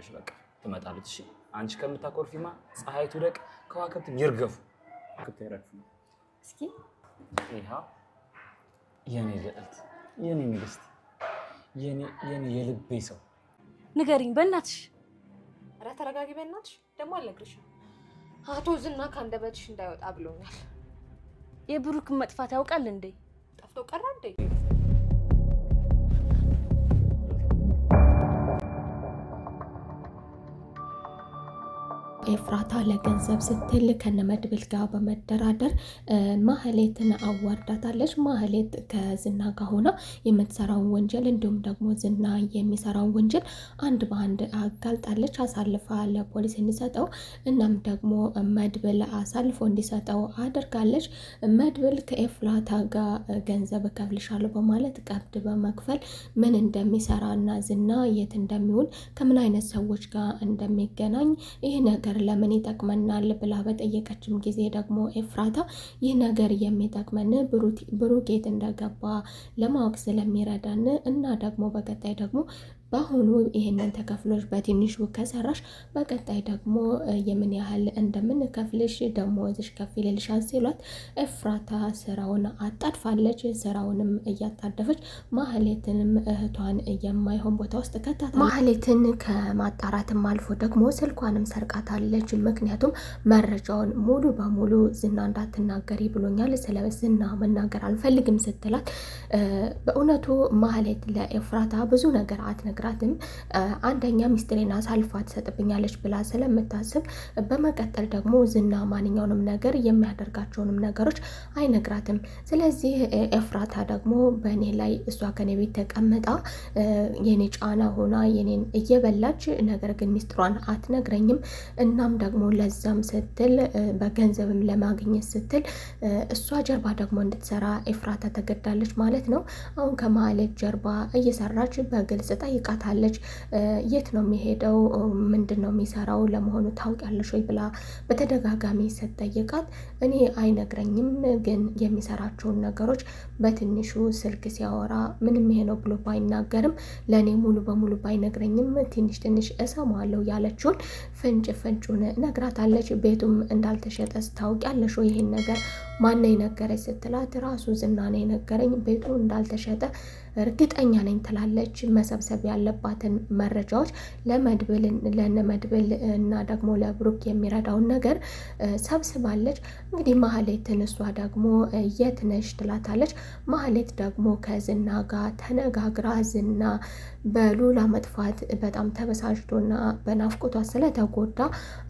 ትመጫለሽ። በቃ ትመጣለች። እሺ አንቺ ከምታኮርፊማ ፀሐይ ትውደቅ፣ ከዋክብት ይርገፉ። ከተረፍ እስኪ ይሄ የኔ ልዕልት፣ የኔ ንግስት፣ የኔ የኔ የልቤ ሰው ንገሪኝ በእናትሽ። ኧረ ተረጋጊ በእናትሽ። ደግሞ አልነግርሽም አቶ ዝና ከአንደበትሽ እንዳይወጣ ብሎኛል። የብሩክን መጥፋት ያውቃል እንዴ? ጠፍቶ ቀረ እንዴ? ኤፍራታ ለገንዘብ ስትል ከነመድብል ጋር በመደራደር ማህሌትን አዋርዳታለች። ማህሌት ከዝና ጋር ሆና የምትሰራውን ወንጀል እንዲሁም ደግሞ ዝና የሚሰራውን ወንጀል አንድ በአንድ አጋልጣለች። አሳልፋ ለፖሊስ እንዲሰጠው እናም ደግሞ መድብል አሳልፎ እንዲሰጠው አድርጋለች። መድብል ከኤፍራታ ጋር ገንዘብ እከፍልሻለሁ በማለት ቀብድ በመክፈል ምን እንደሚሰራ እና ዝና የት እንደሚውል ከምን አይነት ሰዎች ጋር እንደሚገናኝ ይህ ነገር ለምን ይጠቅመናል ብላ በጠየቀችም ጊዜ ደግሞ ኤፍራታ ይህ ነገር የሚጠቅመን ብሩኬት እንደገባ ለማወቅ ስለሚረዳን እና ደግሞ በቀጣይ ደግሞ በአሁኑ ይሄንን ተከፍሎች በትንሹ ከሰራሽ በቀጣይ ደግሞ የምን ያህል እንደምንከፍልሽ ደሞዝሽ ከፍ ይልልሻል ሲሏት እፍራታ ስራውን አጣድፋለች። ስራውንም እያጣደፈች ማህሌትንም እህቷን የማይሆን ቦታ ውስጥ ከታታ ማህሌትን ከማጣራትም አልፎ ደግሞ ስልኳንም ሰርቃታለች። ምክንያቱም መረጃውን ሙሉ በሙሉ ዝና እንዳትናገሪ ብሎኛል፣ ስለ ዝና መናገር አልፈልግም ስትላት በእውነቱ ማህሌት ለኤፍራታ ብዙ ነገር አትነገ ብነግራትም አንደኛ ሚስጥሬን አሳልፋ ትሰጥብኛለች ብላ ስለምታስብ፣ በመቀጠል ደግሞ ዝና ማንኛውንም ነገር የሚያደርጋቸውንም ነገሮች አይነግራትም። ስለዚህ ኤፍራታ ደግሞ በእኔ ላይ እሷ ከኔ ቤት ተቀምጣ የኔ ጫና ሆና የኔን እየበላች ነገር ግን ሚስጥሯን አትነግረኝም። እናም ደግሞ ለዛም ስትል በገንዘብም ለማግኘት ስትል እሷ ጀርባ ደግሞ እንድትሰራ ኤፍራታ ተገዳለች ማለት ነው። አሁን ከማለት ጀርባ እየሰራች በግልጽ ጠይቃል። ጠይቃታለች። የት ነው የሚሄደው? ምንድን ነው የሚሰራው? ለመሆኑ ታውቂያለሽ ወይ ብላ በተደጋጋሚ ስትጠይቃት እኔ አይነግረኝም፣ ግን የሚሰራቸውን ነገሮች በትንሹ ስልክ ሲያወራ ምንም ይሄ ነው ብሎ ባይናገርም ለእኔ ሙሉ በሙሉ ባይነግረኝም ትንሽ ትንሽ እሰማለሁ ያለችውን ፍንጭ ፍንጩን ነግራታለች። ቤቱም እንዳልተሸጠ ስታውቂያለሽ ወይ ይሄን ነገር ማነው የነገረች ስትላት ራሱ ዝና ነው የነገረኝ ቤቱ እንዳልተሸጠ እርግጠኛ ነኝ ትላለች። መሰብሰብ ያለባትን መረጃዎች ለመድብል ለነ መድብል እና ደግሞ ለብሩክ የሚረዳውን ነገር ሰብስባለች። እንግዲህ ማህሌትን እሷ ደግሞ የት ነሽ ትላታለች። ማህሌት ደግሞ ከዝና ጋር ተነጋግራ ዝና በሉላ መጥፋት በጣም ተበሳጭቶና በናፍቆቷ ስለተጎዳ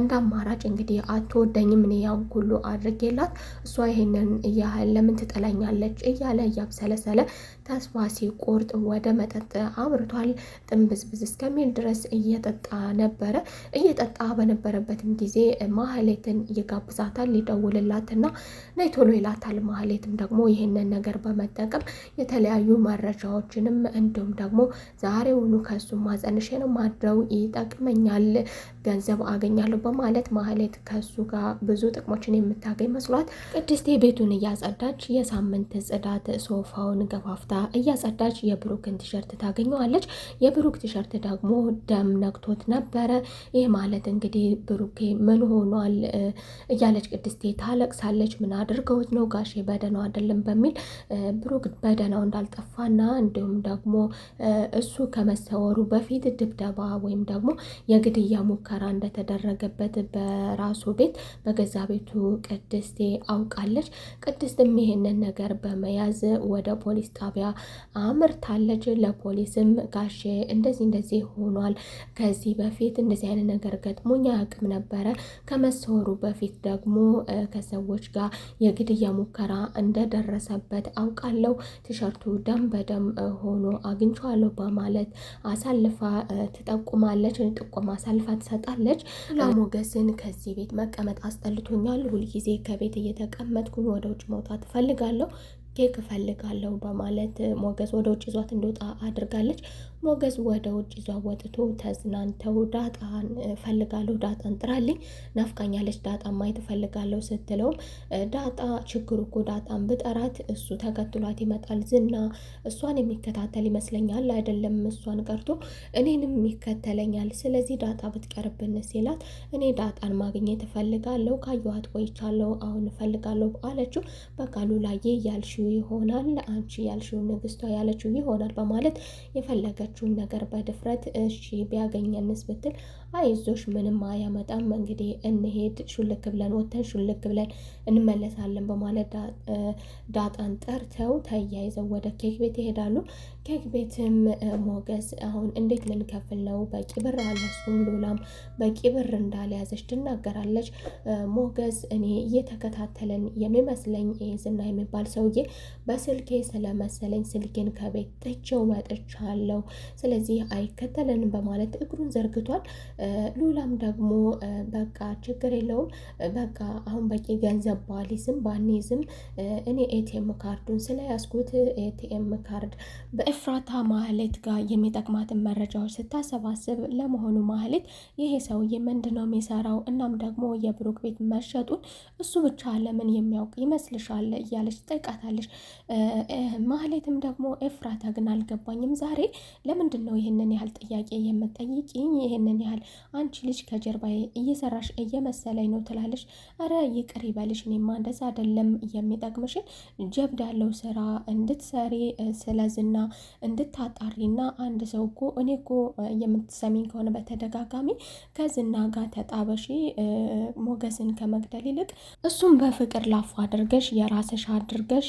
እንደ አማራጭ እንግዲህ አትወደኝም እኔ ያን ሁሉ አድርጌላት እሷ ይህንን ያህል ለምን ትጠላኛለች እያለ እያብሰለሰለ ተስፋ ሲ ስለዚህ ወደ መጠጥ አምርቷል። ጥንብዝብዝ እስከሚል ድረስ እየጠጣ ነበረ። እየጠጣ በነበረበትም ጊዜ ማህሌትን ይጋብዛታል። ሊደውልላትና ነይ ቶሎ ይላታል። ማህሌትም ደግሞ ይህንን ነገር በመጠቀም የተለያዩ መረጃዎችንም እንዲሁም ደግሞ ዛሬውኑ ከሱ ማጸንሽን ማድረው ይጠቅመኛል፣ ገንዘብ አገኛለሁ በማለት ማህሌት ከሱ ጋር ብዙ ጥቅሞችን የምታገኝ መስሏት ቅድስቴ ቤቱን እያጸዳች የሳምንት ጽዳት ሶፋውን ገፋፍታ እያጸዳ እየቀዳች የብሩክን ቲሸርት ታገኘዋለች። የብሩክ ቲሸርት ደግሞ ደም ነክቶት ነበረ። ይህ ማለት እንግዲህ ብሩኬ ምን ሆኗል እያለች ቅድስቴ ታለቅሳለች። ምን አድርገውት ነው ጋሼ በደና አይደለም በሚል ብሩክ በደናው እንዳልጠፋና እንዲሁም ደግሞ እሱ ከመሰወሩ በፊት ድብደባ ወይም ደግሞ የግድያ ሙከራ እንደተደረገበት በራሱ ቤት በገዛ ቤቱ ቅድስቴ አውቃለች። ቅድስትም ይሄንን ነገር በመያዝ ወደ ፖሊስ ጣቢያ አምርታለች። ለፖሊስም ጋሼ እንደዚህ እንደዚህ ሆኗል፣ ከዚህ በፊት እንደዚህ አይነት ነገር ገጥሞኝ አያውቅም ነበረ። ከመሰወሩ በፊት ደግሞ ከሰዎች ጋር የግድያ ሙከራ እንደደረሰበት አውቃለሁ። ቲሸርቱ ደም በደም ሆኖ አግኝቼዋለሁ በማለት አሳልፋ ትጠቁማለች። ጥቆማ አሳልፋ ትሰጣለች። ሞገስን ከዚህ ቤት መቀመጥ አስጠልቶኛል፣ ሁልጊዜ ከቤት እየተቀመጥኩኝ ወደ ውጭ መውጣት እፈልጋለሁ ኬክ እፈልጋለሁ በማለት ሞገዝ ወደ ውጭ ይዟት እንደወጣ አድርጋለች። ሞገዝ ወደ ውጭ ይዟ ወጥቶ ተዝናንተው ዳጣን እፈልጋለሁ፣ ዳጣን ጥራልኝ፣ ናፍቃኛለች፣ ዳጣ ማየት እፈልጋለሁ ስትለውም ዳጣ ችግሩ እኮ ዳጣን ብጠራት እሱ ተከትሏት ይመጣል። ዝና እሷን የሚከታተል ይመስለኛል፣ አይደለም እሷን ቀርቶ እኔንም ይከተለኛል። ስለዚህ ዳጣ ብትቀርብን ሲላት እኔ ዳጣን ማግኘት እፈልጋለሁ፣ ካየኋት ቆይቻለሁ፣ አሁን እፈልጋለሁ አለችው። በቃሉ ላየ ያልሽ ይሆናል፣ አንቺ ያልሽው ንግስቷ ያለችው ይሆናል በማለት የፈለገችውን ነገር በድፍረት እሺ ቢያገኘንስ ብትል አይዞሽ፣ ምንም አያመጣም፣ እንግዲህ እንሄድ፣ ሹልክ ብለን ወተን ሹልክ ብለን እንመለሳለን በማለት ዳጣን ጠርተው ተያይዘው ወደ ኬክ ቤት ይሄዳሉ። ኬክ ቤትም ሞገስ አሁን እንዴት ልንከፍል ነው? በቂ ብር አልያዝኩም፣ ሉላም በቂ ብር እንዳልያዘች ትናገራለች። ሞገስ እኔ እየተከታተለን የሚመስለኝ ዝና የሚባል ሰውዬ በስልኬ ስለመሰለኝ ስልኬን ከቤት ጥቼው መጥቻለሁ፣ ስለዚህ አይከተለንም በማለት እግሩን ዘርግቷል። ሉላም ደግሞ በቃ ችግር የለውም በቃ አሁን በቂ ገንዘብ ባሊዝም ባኒዝም እኔ ኤቲኤም ካርዱን ስለያዝኩት ኤቲኤም ካርድ በእፍራታ ማህሌት ጋር የሚጠቅማትን መረጃዎች ስታሰባስብ ለመሆኑ ማህሌት ይሄ ሰውዬ ምንድን ነው የሚሰራው? እናም ደግሞ የብሩክ ቤት መሸጡን እሱ ብቻ ለምን የሚያውቅ ይመስልሻል? እያለች ጠይቃታለች። ማህሌትም ደግሞ ኤፍራታ ግን አልገባኝም። ዛሬ ለምንድን ነው ይህንን ያህል ጥያቄ የምጠይቅኝ? ይህንን ያህል አንቺ ልጅ ከጀርባዬ እየሰራሽ እየመሰለኝ ነው ትላለች ረ ይቅር ይበልሽ፣ እኔማ እንደዛ አይደለም የሚጠቅምሽን ጀብድ ያለው ስራ እንድትሰሪ ስለዝና እንድታጣሪና አንድ ሰው እኮ እኔ እኮ የምትሰሚኝ ከሆነ በተደጋጋሚ ከዝና ጋር ተጣበሺ ሞገስን ከመግደል ይልቅ እሱም በፍቅር ላፉ አድርገሽ የራስሽ አድርገሽ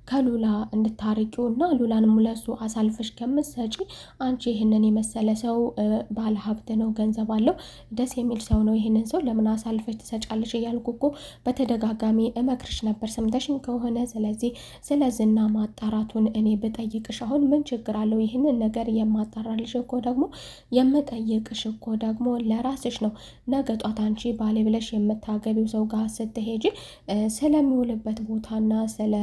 ከሉላ እንድታርቂው እና ሉላንም ለሱ አሳልፈሽ ከምትሰጪ አንቺ ይህንን የመሰለ ሰው ባለ ሀብት ነው፣ ገንዘብ አለው፣ ደስ የሚል ሰው ነው፣ ይህንን ሰው ለምን አሳልፈሽ ትሰጫለሽ? እያልኩ እኮ በተደጋጋሚ እመክርሽ ነበር ሰምተሽኝ ከሆነ ስለዚህ ስለ ዝና ማጣራቱን እኔ ብጠይቅሽ አሁን ምን ችግር አለው? ይህንን ነገር የማጣራልሽ እኮ ደግሞ የምጠይቅሽ እኮ ደግሞ ለራስሽ ነው። ነገ ጧት አንቺ ባሌ ብለሽ የምታገቢው ሰው ጋር ስትሄጂ ስለሚውልበት ቦታና ስለ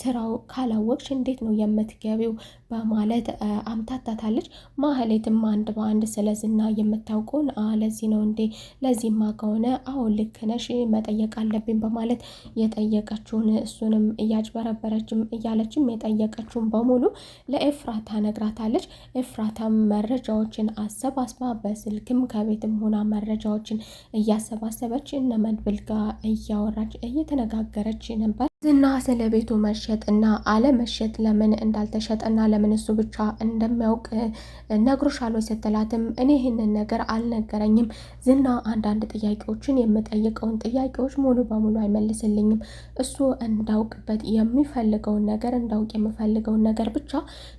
ስራው ካላወቅሽ እንዴት ነው የምትገቢው? በማለት አምታታታለች። ማህሌትም አንድ በአንድ ስለ ዝና የምታውቀውን ለዚህ ነው እንዴ? ለዚህማ ከሆነ አሁን ልክ ነሽ፣ መጠየቅ አለብኝ በማለት የጠየቀችውን እሱንም እያጭበረበረችም እያለችም የጠየቀችውን በሙሉ ለኤፍራታ ነግራታለች። ኤፍራታም መረጃዎችን አሰባስባ በስልክም ከቤትም ሆና መረጃዎችን እያሰባሰበች እነ መድብል ጋር እያወራች እየተነጋገረች ነበር። ዝና ስለ ቤቱ መሸጥ እና አለመሸጥ ለምን እንዳልተሸጠ ና ለምን እሱ ብቻ እንደሚያውቅ ነግሮሻል ወይ ስትላትም እኔ ይህንን ነገር አልነገረኝም። ዝና አንዳንድ ጥያቄዎችን የምጠይቀውን ጥያቄዎች ሙሉ በሙሉ አይመልስልኝም። እሱ እንዳውቅበት የሚፈልገውን ነገር እንዳውቅ የምፈልገውን ነገር ብቻ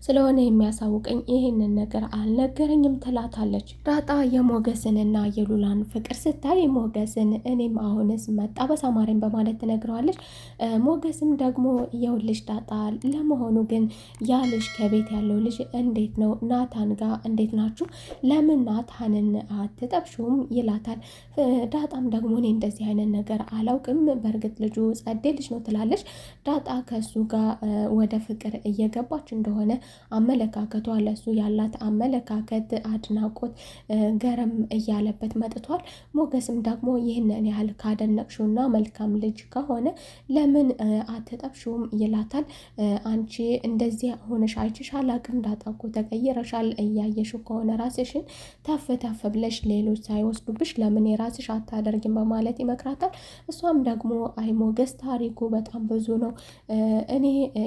ስለሆነ የሚያሳውቀኝ ይህንን ነገር አልነገረኝም ትላታለች። ዳጣ የሞገስንና የሉላን ፍቅር ስታይ ሞገስን እኔም አሁንስ መጣ በሳማሪን በማለት ትነግረዋለች። ሞገስም ደግሞ የው ልጅ ዳጣ ለመሆኑ ግን ያ ልጅ ከቤት ያለው ልጅ እንዴት ነው ናታን ጋር እንዴት ናችሁ? ለምን ናታንን አትጠብሹም? ይላታል። ዳጣም ደግሞ እኔ እንደዚህ አይነት ነገር አላውቅም፣ በእርግጥ ልጁ ጸዴ ልጅ ነው ትላለች። ዳጣ ከሱ ጋር ወደ ፍቅር እየገባች እንደሆነ አመለካከቷ ለሱ ያላት አመለካከት አድናቆት ገረም እያለበት መጥቷል። ሞገስም ደግሞ ይህንን ያህል ካደነቅሽውና መልካም ልጅ ከሆነ ለምን አትጠብሽውም ይላታል። አንቺ እንደዚህ ሆነሽ አይችሽ አላቅም እንዳጠቁ ተቀይረሻል። እያየሽ ከሆነ ራስሽን ተፍ ተፍ ብለሽ ሌሎች ሳይወስዱብሽ ለምን የራስሽ አታደርግም በማለት ይመክራታል። እሷም ደግሞ አይ ሞገስ ታሪኩ በጣም ብዙ ነው። እኔ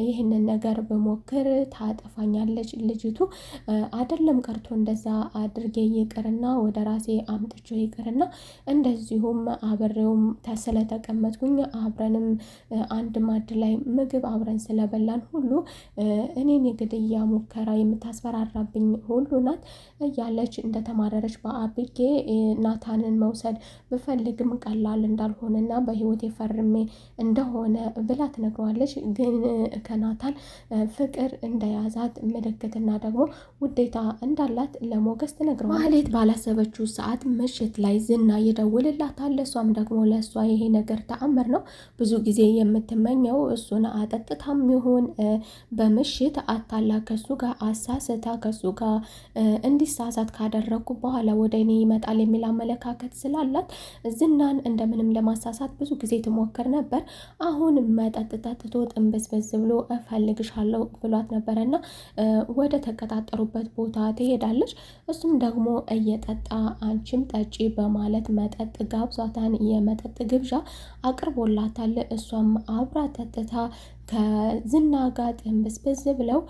ይህንን ነገር በሞክር ታጠፋኛለች ልጅቱ አይደለም ቀርቶ እንደዛ አድርጌ ይቅርና ወደ ራሴ አምጥቼ ይቅርና እንደዚሁም አብሬውም ስለተቀመጥኩኝ አብረንም አንድ ማድ ላይ ምግብ አብረን ስለበላን ሁሉ እኔን የግድያ ሙከራ የምታስፈራራብኝ ሁሉ ናት እያለች እንደተማረረች በአብጌ ናታንን መውሰድ ብፈልግም ቀላል እንዳልሆነና በህይወት የፈርሜ እንደሆነ ብላ ትነግረዋለች። ግን ከናታን ፍቅር እንደያዛት ምልክትና ደግሞ ውዴታ እንዳላት ለሞገስ ትነግረዋለች። ማህሌት ባላሰበችው ሰዓት ምሽት ላይ ዝና ይደውልላታል። እሷም ደግሞ ለእሷ ይሄ ነገር ተአምር ነው ብዙ ጊዜ የምት የምትመኘው እሱን አጠጥታም ይሁን በምሽት አታላ ከሱ ጋር አሳስታ ከሱ ጋር እንዲሳሳት ካደረግኩ በኋላ ወደ እኔ ይመጣል የሚል አመለካከት ስላላት ዝናን እንደምንም ለማሳሳት ብዙ ጊዜ ትሞክር ነበር። አሁን መጠጥ ጠጥቶ ጥንበዝበዝ ብሎ እፈልግሻለሁ ብሏት ነበረ እና ወደ ተቀጣጠሩበት ቦታ ትሄዳለች። እሱም ደግሞ እየጠጣ አንቺም ጠጪ በማለት መጠጥ ጋብዛታን የመጠጥ ግብዣ አቅርቦላታል። እሷም አ አብራ ጠጥታ ከዝና ጋር ጥንብስብስ ብለው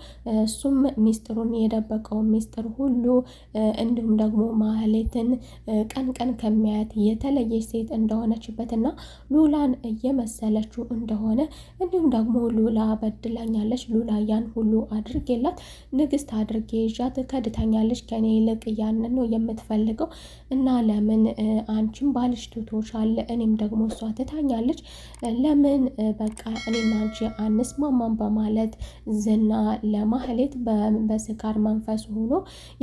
እሱም ሚስጥሩን የደበቀውን ሚስጥር ሁሉ እንዲሁም ደግሞ ማህሌትን ቀን ቀን ከሚያያት የተለየች ሴት እንደሆነችበትና ሉላን እየመሰለችው እንደሆነ እንዲሁም ደግሞ ሉላ በድላኛለች፣ ሉላ ያን ሁሉ አድርጌላት ንግስት አድርጌ ይዣት ከድታኛለች፣ ከኔ ይልቅ ያንን ነው የምትፈልገው እና ለምን አንቺም ባልሽ ትቶሻል፣ እኔም ደግሞ እሷ ትታኛለች፣ ለምን በቃ እኔና አንቺ አንስማማም በማለት ዝና ለማህሌት በስካር መንፈስ ሆኖ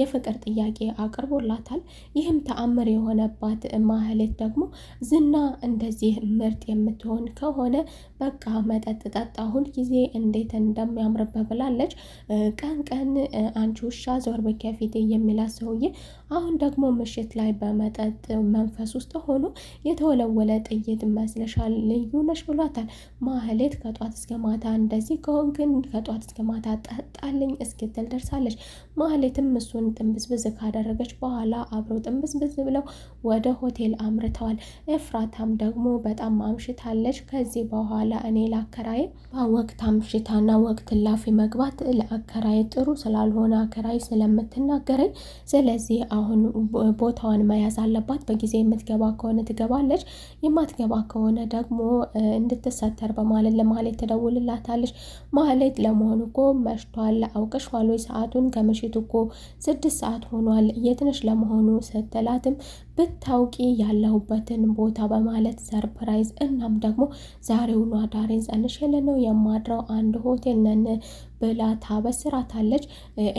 የፍቅር ጥያቄ አቅርቦላታል። ይህም ተአምር የሆነባት ማህሌት ደግሞ ዝና እንደዚህ ምርጥ የምትሆን ከሆነ በቃ መጠጥ ጠጣ ሁል ጊዜ እንዴት እንደሚያምርበት ብላለች። ቀን ቀን አንቺ ውሻ ዞር በይ የሚላት ሰውዬ አሁን ደግሞ ምሽት ላይ በመጠጥ መንፈስ ውስጥ ሆኖ የተወለወለ ጥይት መስለሻል ልዩ ነሽ ብሏታል። ማህሌት ከጧት እስከ ማታ እንደዚህ ግን ከጧት እስከ ማታ ጠጣልኝ እስክትል ደርሳለች። ማህሌትም እሱን ጥንብዝብዝ ካደረገች በኋላ አብረው ጥንብዝብዝ ብለው ወደ ሆቴል አምርተዋል። ኤፍራታም ደግሞ በጣም አምሽታለች። ከዚህ በኋላ እኔ ለአከራይ ወቅት አምሽታና ወቅት ላፊ መግባት ለአከራይ ጥሩ ስላልሆነ አከራይ ስለምትናገረኝ ስለዚህ አሁን ቦታዋን መያዝ አለባት። በጊዜ የምትገባ ከሆነ ትገባለች፣ የማትገባ ከሆነ ደግሞ እንድትሰተር በማለት ለማህሌት ትደውልላታለች። ማህሌት ለመሆኑ እኮ መሽቷል አውቀሽዋል ወይ? ሰዓቱን ከምሽቱ እኮ ስድስት ሰዓት ሆኗል። የትንሽ ለመሆኑ ስትላትም ብታውቂ ያለሁበትን ቦታ በማለት ሰርፕራይዝ እናም ደግሞ ዛሬውኑ አዳሬን ጸንሼ ነው የማድረው አንድ ሆቴል ነን ብላ ታበስራታለች።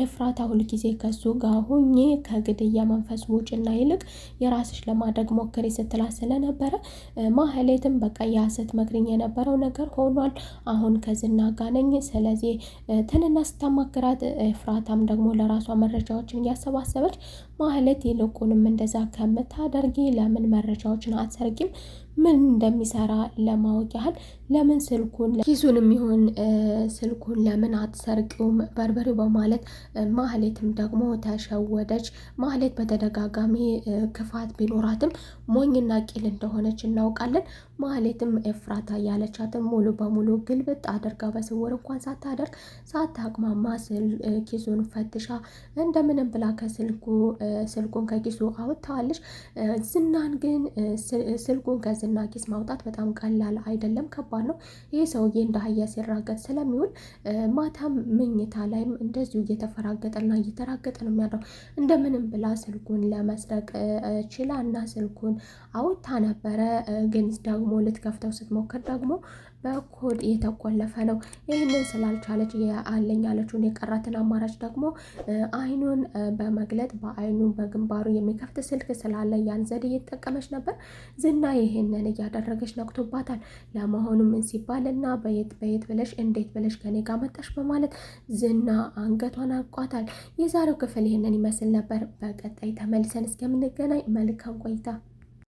ኤፍራታ ሁልጊዜ ከሱ ጋር ሁኜ ከግድያ መንፈስ ውጭና ይልቅ የራስሽ ለማድረግ ሞክሪ ስትላት ስለነበረ ማህሌትም በቃ የሐሰት መክሪኝ የነበረው ነገር ሆኗል። አሁን ከዝና ጋር ነኝ። ስለዚህ ትንና ስታማክራት፣ ኤፍራታም ደግሞ ለራሷ መረጃዎችን እያሰባሰበች ማህሌት ይልቁንም እንደዛ ከም ስለምታደርጊ ለምን መረጃዎችን አትሰርጊም? ምን እንደሚሰራ ለማወቅ ያህል ለምን ስልኩን ኪሱን የሚሆን ስልኩን ለምን አትሰርቂውም? በርበሬው በማለት ማህሌትም ደግሞ ተሸወደች። ማህሌት በተደጋጋሚ ክፋት ቢኖራትም ሞኝና ቂል እንደሆነች እናውቃለን። ማህሌትም ኤፍራታ ያለቻትን ሙሉ በሙሉ ግልብጥ አድርጋ በስውር እንኳን ሳታደርግ ሳታቅማማ ኪሱን ፈትሻ እንደምንም ብላ ከስልኩ ስልኩን ከኪሱ አውጥተዋለች። ዝናን ግን ስልኩን ከዝና ኪስ ማውጣት በጣም ቀላል አይደለም፣ ከባድ ነው። ይህ ሰውዬ እንደ አህያ ሲራገጥ ስለሚውል ማታም መኝታ ላይም እንደዚሁ እየተፈራገጠና እየተራገጠ ነው የሚያደው። እንደምንም ብላ ስልኩን ለመስረቅ ችላ እና ስልኩን አውታ ነበረ። ግን ደግሞ ልትከፍተው ስትሞክር ደግሞ በኮድ እየተቆለፈ ነው። ይህንን ስላልቻለች አለኝ ያለችውን የቀራትን አማራጭ ደግሞ አይኑን በመግለጥ በአይኑ በግንባሩ የሚከፍት ስልክ ስላለ ያን ዘዴ እየተጠቀመች ነበር። ዝና ይህንን እያደረገች ነቅቶባታል። ለመሆኑ ምን ሲባል እና በየት በየት ብለሽ እንዴት ብለሽ ከኔ ጋር መጣሽ በማለት ዝና አንገቷን አቋታል። የዛሬው ክፍል ይህንን ይመስል ነበር። በቀጣይ ተመልሰን እስከምንገናኝ መልካም ቆይታ